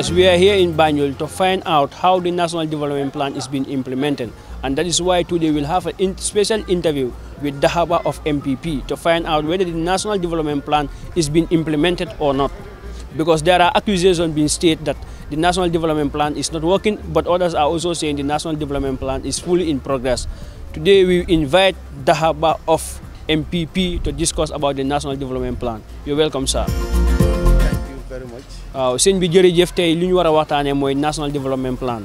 Yes, we are here in Banjul to find out how the National Development Plan is being implemented. And that is why today we'll have a in special interview with Dahaba of MPP to find out whether the National Development Plan is being implemented or not. Because there are accusations being stated that the National Development Plan is not working, but others are also saying the National Development Plan is fully in progress. Today we invite Dahaba of MPP to discuss about the National Development Plan. You're welcome, sir. waaw sëñ bi jërëjëf tey lu ñu war a waxtaanee mooy national development plan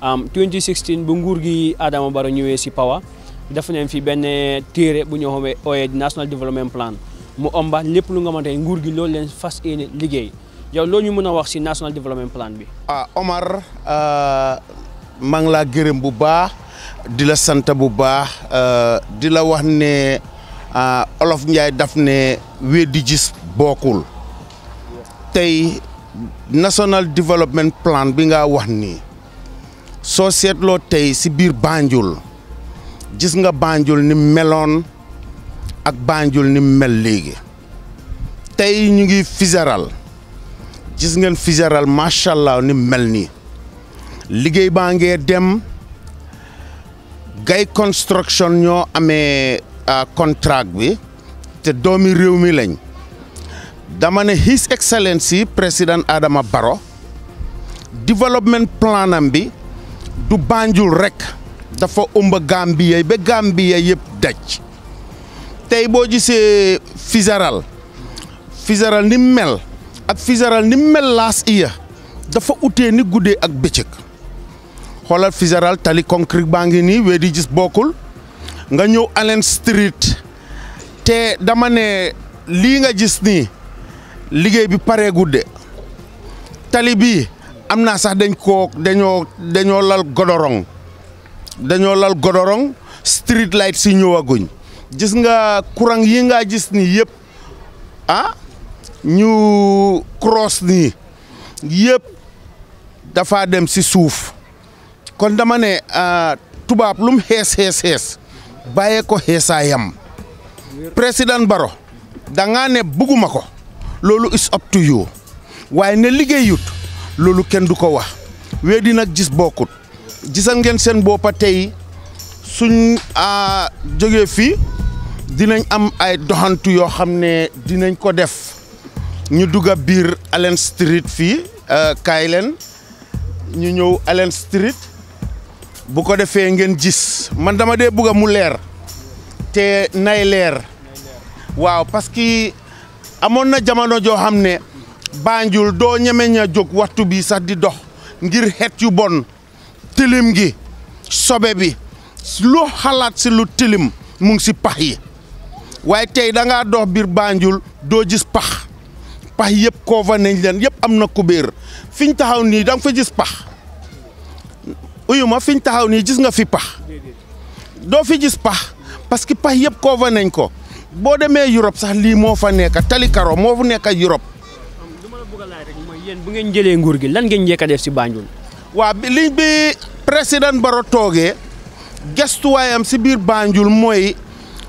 am 2016 bu nguur gi Adama Barrow ñëwee si pawa def nañ fi benn téere bu ñu ooyee national development plan mu omba lépp lu nga ma ne nguur gi loolu leen fas yéene liggéey yow loolu ñu mën a wax si national development plan bi. ah Omar euh, maa ngi laa gërëm bu baax di la sant bu baax euh, di la wax ne euh, olof Njaay daf ne weddi gis bokkul. tey national development plan bi nga wax ni soo seetloo tey si biir Banjul gis nga Banjul ni meloon ak Banjul ni mel léegi tey ñu ngi Fitzerald gis ngeen Fitzerald macha allah ni mel nii liggéey baa ngee dem gay construction ñoo amee ah, contrat bi te doomi réew mi lañ dama ne his excellency president Adama baro development plan am bi du Banjul rek dafa Umba Gambia be Gambia yep daj tay bo se Fizeral, Fizeral ni mel ak fizaral ni mel last year dafa outé ni Gude ak beccëk xolal fizaral tali concrete Bangi Ni wédi di gis bokul nga ñew Allen Street te dama ne li nga gis ni liggéey bi paree de tali bii am naa sax dañ koo dañoo dañoo lal godorong dañoo lal godorong street light si ñëwaguñ gis nga courant yi nga gis ni yëpp ah ñu cross nii yëpp dafa dem si suuf kon dama ne ah, tubaab lum xees xees xees bàyyee ko xeesaayam président Baro da ne bugguma ko loolu is up to waaye ne liggéeyut loolu kenn du ko wax weddi nag gis bokkut gisal ngeen seen boppa tey suñ jógee fii dinañ am ay doxantu yoo xam ne dinañ ko def ñu dugg biir Allen Street fii euh, kaay leen ñu ñëw Allen Street bu ko defee ngeen gis man dama dee bëgg mu leer te nay leer waaw parce amon na jamono jo xamne Banjul do ñemeñ jok jóg waxtu bi sax di dox ngir xet yu bon tilim gi sobe bi lu xalat si lu tilim mu ngi ci pax yi waaye tay da nga dox bir Banjul do gis pax pax yep ko fa neñ len yëpp amna na kubéer fi taxaw ni da nga fa gis pax uyuma fiñ taxaw ni gis nga fi pax do fi gis pax parce que pax ko fa neñ ko bo demé Europe sax li mo fa nek tali karo mo fa nek Europe. duma la bëgg a rek moy yeen bu ngeen jëlé nguur gi lan ngeen ñëk def si Banjul. wa li bi président togué gestu wayam si bir Banjul moy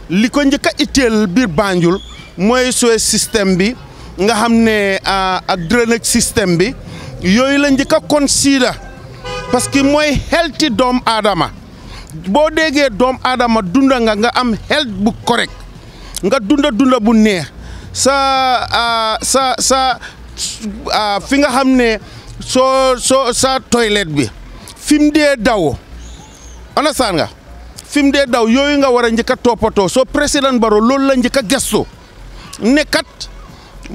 li ko njëkk a bir Banjul mooy soe système bi nga xamné ak drainage système bi yoy la njëkk ka consider parce que moy healthy dom adama bo déggee dom adama dunda nga nga am health bu correct nga dunda dunda bu neex sa ah, sa sa ah, fi nga xamne so so sa toilette bi fim de daw ana sa nga fim de daw yoy nga wara a njëkk a toppatoo soo président gaso, nekat la ne kat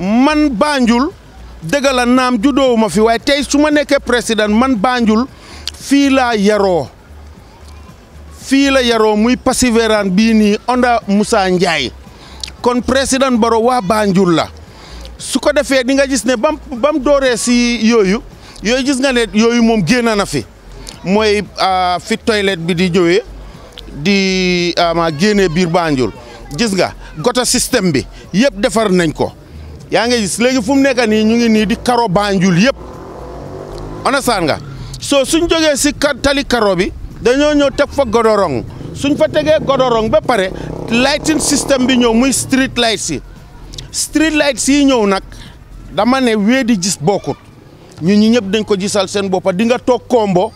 man Banjul dëgg la judo ma fi way tay suma ma president man Banjul fi la yaro fi la yaro muy persévérance bi ni onda musa ndjay kon president Baro wa Banjul la su ko defé di nga gis né bam bam dooree si yoyu yooyu gis nga né yoyu mom génn na fi mooy ah, fi toilette bi di jowé di ah, ma génnee bir Banjul gis nga gota système bi yépp défar nañ ko ya nga gis légui fum mu ni ñu ngi ni di karo Banjul yëpp understand nga so suñ jógee si tali karo bi dañu ñëw tek fa godorong suñ fa tégué godorong ba pare lighting system bi ñew muy street lights yi street lights yi ñew nak dama ne wee di gis bokkut ñun ñi ñep dañ ko gisal seen bop di nga tok kombo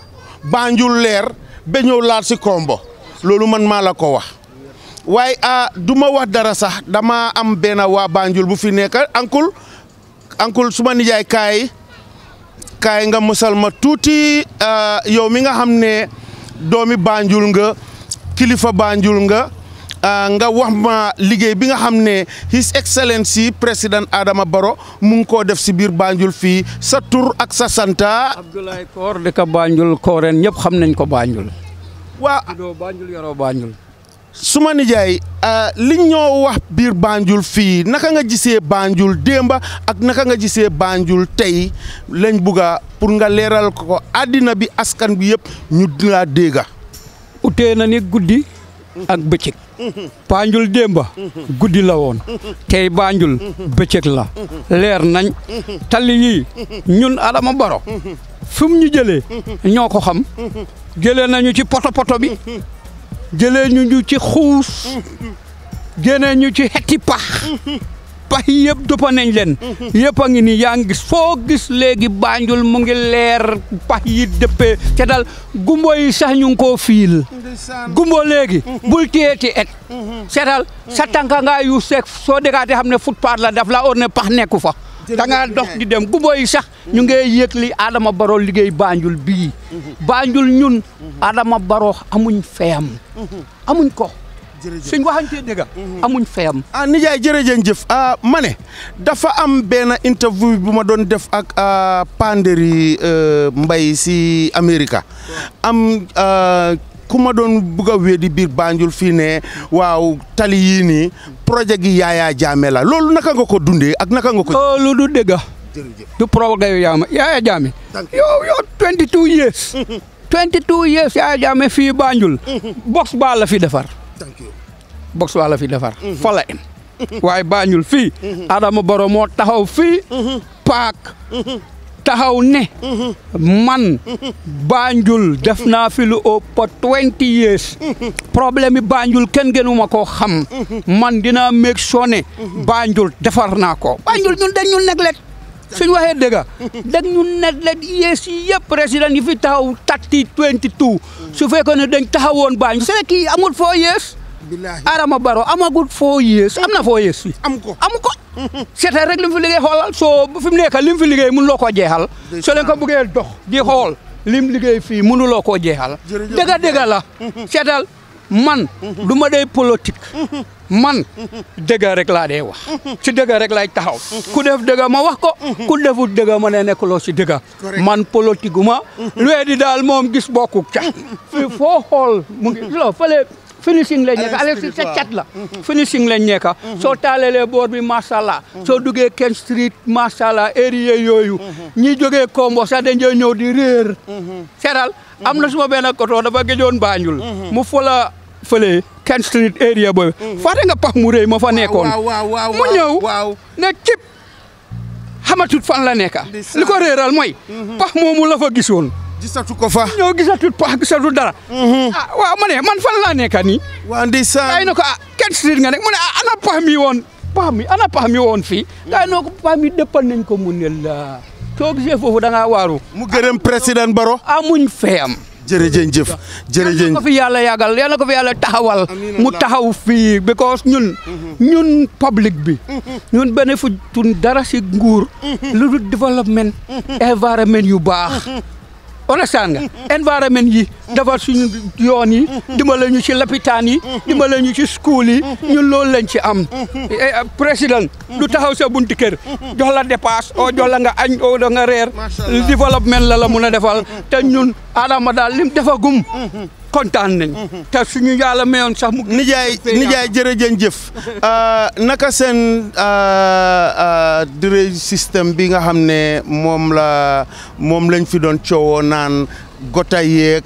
Banjul leer be ñew laar si combo, lolu man maa la ko wax way a duma wax dara sax dama am ben wa Banjul bu fi nekk ankul ankul suma nijaay kay kay nga musal ma tuti yow mi nga xamne ne Banjul nga kilifa Banjul nga Ah, nga wax ma liggéey bi nga xam his excellency President Adama baro mu ngi def si bir Banjul fi sa tour ak sa santa Abdoulaye de ka Banjul koren ñep xam nañ ko Banjul wa do Banjul yoro Banjul suma nijaay ah, li ñoo wax bir Banjul fi, naka nga gisee Banjul demba ak naka nga gisee Banjul tay lañ buga pour nga leeral ko adina bi askan bi yep ñu dinaa dégga uté na ni guddii ak beccik Banjul démba guddi la woon tey Banjul bëccëg la leer nañ tali yii ñun Adama Baro fu ñu jëlee ñoo ko xam jëlee nañu ci potopoto poto bi jëlee ñu ñu ci xuus génnee ñu ci xetti pax pahi yëpp dëppa nañ leen mhm. yëpp a ngi ni yaa ngi gis gis legi Banjul mo ngi leer pahi yi dëppee te dal gumbo yi sax ñu ko koo gumbo legi mhm. bul tieti et mhm. seetal sa tànka nga yu sek so degaté xam ne par la daf la orné ne pax nekku fa da nga dox di dem gumbo yi sax ñu ngey yëg li Adama baro ligey Banjul bi Banjul ñun Adama baro amuñ feyam amuñ ko suñ waxantee dega amuñ fayam ah nijaay jërëjëf jëf Ah mané dafa am ben interview bu ma doon def ak ah, Panderi euh, mbay si america am ah ma doon wedi a wéedi biir Banjul fi ne waw tali yi ni projet gi Yaya jamela. la loolu naka nga ko dundé ak naka nga ko. Oh, lu du dega du projet yu yaama Yaya Jammeh yo yo 22 years 22 years Yaya Jammeh fi Banjul box baa la fi defar. box waa la fi defar mm-hmm. fa la em mm-hmm. waaye Banjul fii mm-hmm. Adama Barrow moo taxaw fii paak taxaw ne man Banjul def naa fi lu ëpp 20 years problème yi Banjul kenn gënuma koo xam man dinaa make sure ne defar naa ko Banjul ñun dañ ñu neglect suñ waxee dëgg ah. dag ñu ne la yees yi yëpp président yi fi taxaw tatti 22 su fekkoon ne dañ woon baañ c'est kii amul foo yees Adama Barrow amagul foo yees am na foo yees fi am ko am ko seetal rek li mu fi liggéey xoolal soo fi mu nekk li mu fi liggéey mënuloo koo jeexal soo leen ko bëggee dox di xool lim liggéey fii mënuloo koo jeexal dëgg dëgg la seetal man duma day politique man dega rek la day wax ci dega rek lay taxaw ku def dega ma wax ko ku defut dega ma ne lo ci dega man politique ma wedi di mom gis bokku ci fi fo hol mu ngi lo fele finishing lañ nekk ale ci chat la finishing lañ So so taalelee bor bi masala so duggé Ken Street masala area yoyu ñi jógee Kombo sa dañ ñëw di réer mm-hmm. seral amna na suma benn koto dafa gëjoon bañul mm-hmm. mu fola fële Ken Street area boobu. Mm. fàtte nga pax mu rëy ma fa nekkoon. mu ñëw ne képp xamatut fan la nekka li ko réeral mooy. Mm-hmm. pax moomu la fa gisoon. gisatu ko fa. ñoo gisatu pax gisatu dara. Mm-hmm. ah waaw ma man fan laa nekka nii. waa ndeysaan daay na ko ah Ken nga ne ah ana pax mi woon pax mi ana pax mi woon fii. daay mm-hmm. na ko nañ ko mu ne la. soo gisee foofu da ngaa waaru. mu gërëm président Baro. amuñ feyam. jërëjëf jëf jërëjëf ko fi yàlla yàggal yàlla ko fi yàlla taxawal mu taxaw fii because ñun mhm. ñun public bi mhm. ñun bénéfice dara si nguur mhm. lu dul développement yu baax understand nga environnement yi defar suñu yoon yi dimbale lañu ci lapitaan yi dimbale ñu ci school yi ñun loolu lañ ci am eh, eh, président du taxaw sa bunt kër jox la dépasse oo oh, jox la nga añ oo oh, da nga reer développement la la mun a defal te ñun Adama daal lim defagum kontaan nañ fi suñu yàlla mayoon sax mu nijaay nijaay jërëjën jëf euh, naka seen euh, euh, dure système bi nga xam ne moom la moom lañ fi doon coowoo naan gota yeeg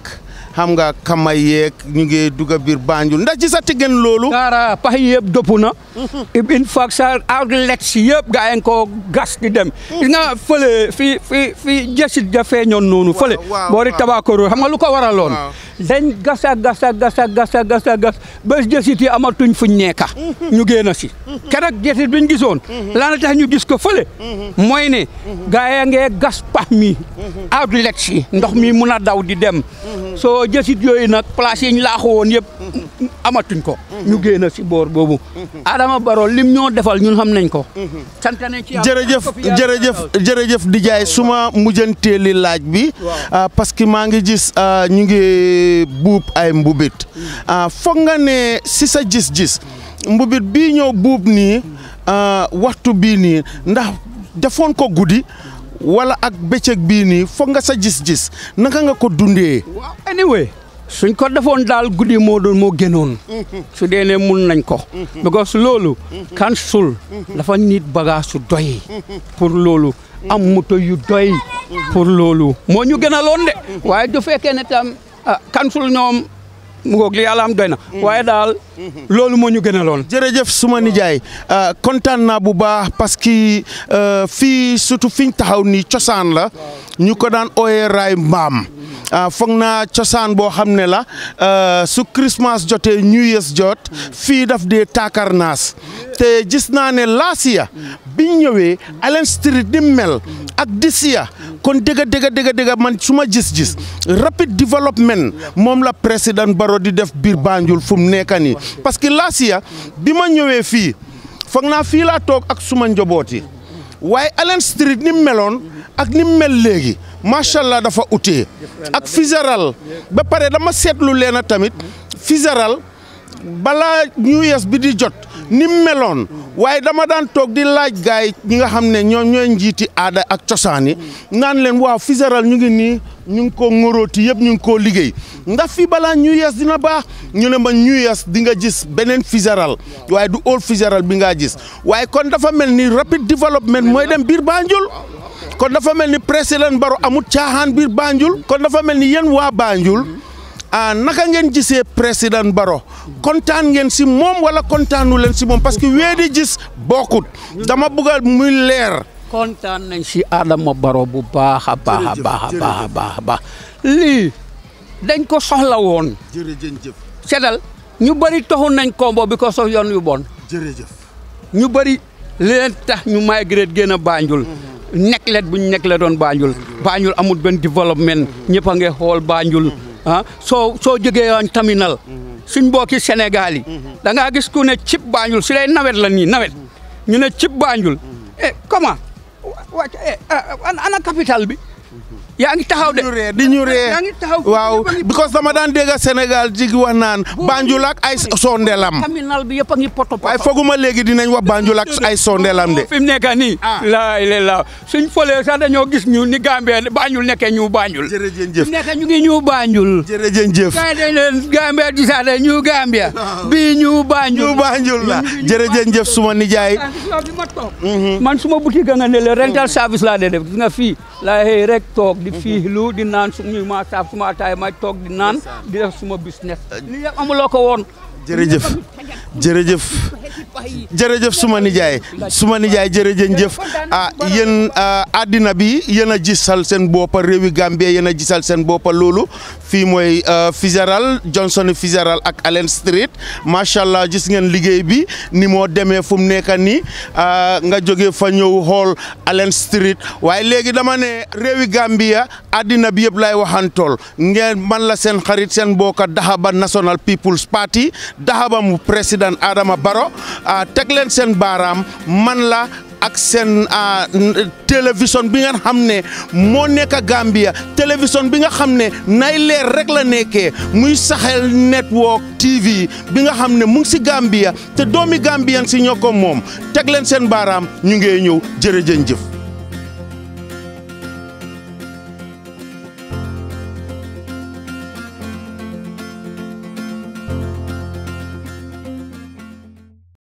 xam nga kama yeeg ñu ngi dugg biir Banjul ndax ci sa tiggéen loolu. dara pax yëpp dëpp na. in fact sa outlet si yëpp ga ngi gas di dem. gis nga fële fi fi fi ja feeñoon noonu. fële boori Tabakoro xam nga lu ko waraloon. dañ gasa gasa gasa gasa gasa gas ba jësit yi amatuñ fuñ nekka. ñu génn a si. keroog jësit biñ gisoon. lan tax ñu gis ko fële. mooy ne. gaa yaa ngi gas pax mi. si ndox mi mun a daw di dem. jësit yooyu nag place yi ñu laaxu woon yëpp amatuñ ko ñu génn si boor boobu Adama Barrow lim ñoo defal ñun xam nañ ko sant nañ ci jërëjëf jërëjëf jërëjëf di jaay suma mujjanteeli laaj bi ah, parce que maa ngi gis ah, ñu ngi buub ay mbubit ah, foog nga ne si sa jis gis mbubit bii ñoo buub nii waxtu bii nii ndax defoon ko guddi wala ak bëccëg bii nii foog nga sa gis-gis naka nga ko dundee. waaw suñ ko defoon daal guddi moo doon moo génnoon. Mhm. su dee mun nañ ko. Mhm. because loolu. Mhm. kan sul dafa nit bagage su doy. pour loolu am moto yu doy. pour loolu moo ñu gënaloon de. waaye du fekkee ne tam ah, kan sul ñoom. mu ngoog li yàlla am doy na. waaye daal loolu moo ñu gënaloon. jërëjëf suma nijaay euh, kontaan na bu baax parce que euh, fii surtout fi ñu taxaw nii cosaan la ñu ko daan ooyee raay mbaam. Euh, foog naa cosaan boo xam ne la su Christmas jotee New Year's jot fii daf dee taakar naas te gis naa ne laasiya biñ ñëwé Allen Street di mel ak DCIA ya. kon dega, dega dega dega man suma ma gis-gis rapid development mom la président baro di def bir Banjul fu mu nekk parce que laasiya bi ma ñëwee fii foog naa fii ak suma njoboti yi waaye Allen Street ni meloon ak ni mel legi machallah dafa outé ak fizeral ba paré dama sétlu leen tamit fizeral bala New Year's bi di jot ni melon, waaye dama dan tok di laaj gaay ñi nga xamne ñoo ñoy njiti njiiti aada ak cosaan nan len wa fiseral ñu ngi ni ñu ko ngoroti yeb ñu ko liggey ndax fii balaa New Years dina baax ñu ne ma New Years di nga gis benen fiseral waaye du old fiseral bi nga gis waaye kon dafa melni rapid development moy dem bir Banjul kon dafa melni ni baro amut chaahan bir Banjul kon dafa melni yen wa Banjul ah naka ngeen gisee président Barrow kontaan ngeen si moom wala kontaanu leen si moom parce que weede gis bokkut dama bëgga muy leer. kontaan nañ si Adama Barrow bu baax a baax a baax a baax a baax lii dañ ko soxla woon. jërëjëf sedal ñu bëri taxu nañ kombo bi ko sox yoon yu bon. jërëjëf ñu bëri leen tax ñu migré gën a Banjul. nekk leet bu ñu nekk leen doon Banjul. Banjul amul benn développement. ñëpp a ngi xool Banjul. Ah, soo jógee yoon terminal. suñ mbokki Sénégal yi. Mhm. da ngaa gis ku ne cib Banjul su lay nawet la nii nawet mhm. ñu ne cib Banjul. Mhm. eh comment eh, eh, ana capital bi. Yang taxaw de di ñu ree yaangi taxaw waaw because dama daan dégg Sénégal jigi wax naan banjulak ay sondelam terminal bi yëpp a ngi poto poto waaye foguma léegi dinañ wax banjulak ay sondelam de fi mu nekk nii ah. laa ilaa suñ folee sax dañoo gis ñu ni Gambie Banjul nekkee ñu Banjul jërëjëf nekkee ñu ngi ñu Banjul jëf kay dañ leen Gambie di sax dañ ñu Gambie bii ñu Banjul ñu Banjul la jëf suma nijaay mm-hmm. man suma boutique nga ne le rental mm-hmm. service la de def nga fii la xëy rek toog di fiixlu di naan suñu ma saaf suma ataay ma toog di naan di def suma business. li yëpp amuloo ko woon. jërëjëf jërëjëf. jërëjëf suma nijaay suma nijaay jërëjën jëf ah yéen ah, àddina bi yéen a gisal seen boppa réewi Gambie yéen a gisal seen boppa loolu fii mooy ah, Fitzgerald Johnson Fitzgerald ak Allen Street macha allah gis ngeen liggéey bi ni moo demee fu mu nekk nii ah, nga jóge fa ñëw xool Allen Street waaye léegi dama ne réewi Gambia àddina bi yëpp lay waxantool ngeen man la seen xarit seen bokka Dahaba National People's Party Dahaba mu président Adama Barrow Ah, teg leen seen baaraam man la ak seen ah, télévision bi nga xam ne moo nekk Gambia télévision bi nga xam ne nay leer rek la nekkee muy Sahel Network TV bi nga xam ne mu si Gambia te doomi Gambian si ñoo ko moom teg leen seen baaraam ñu ngey ñëw jërëjëf.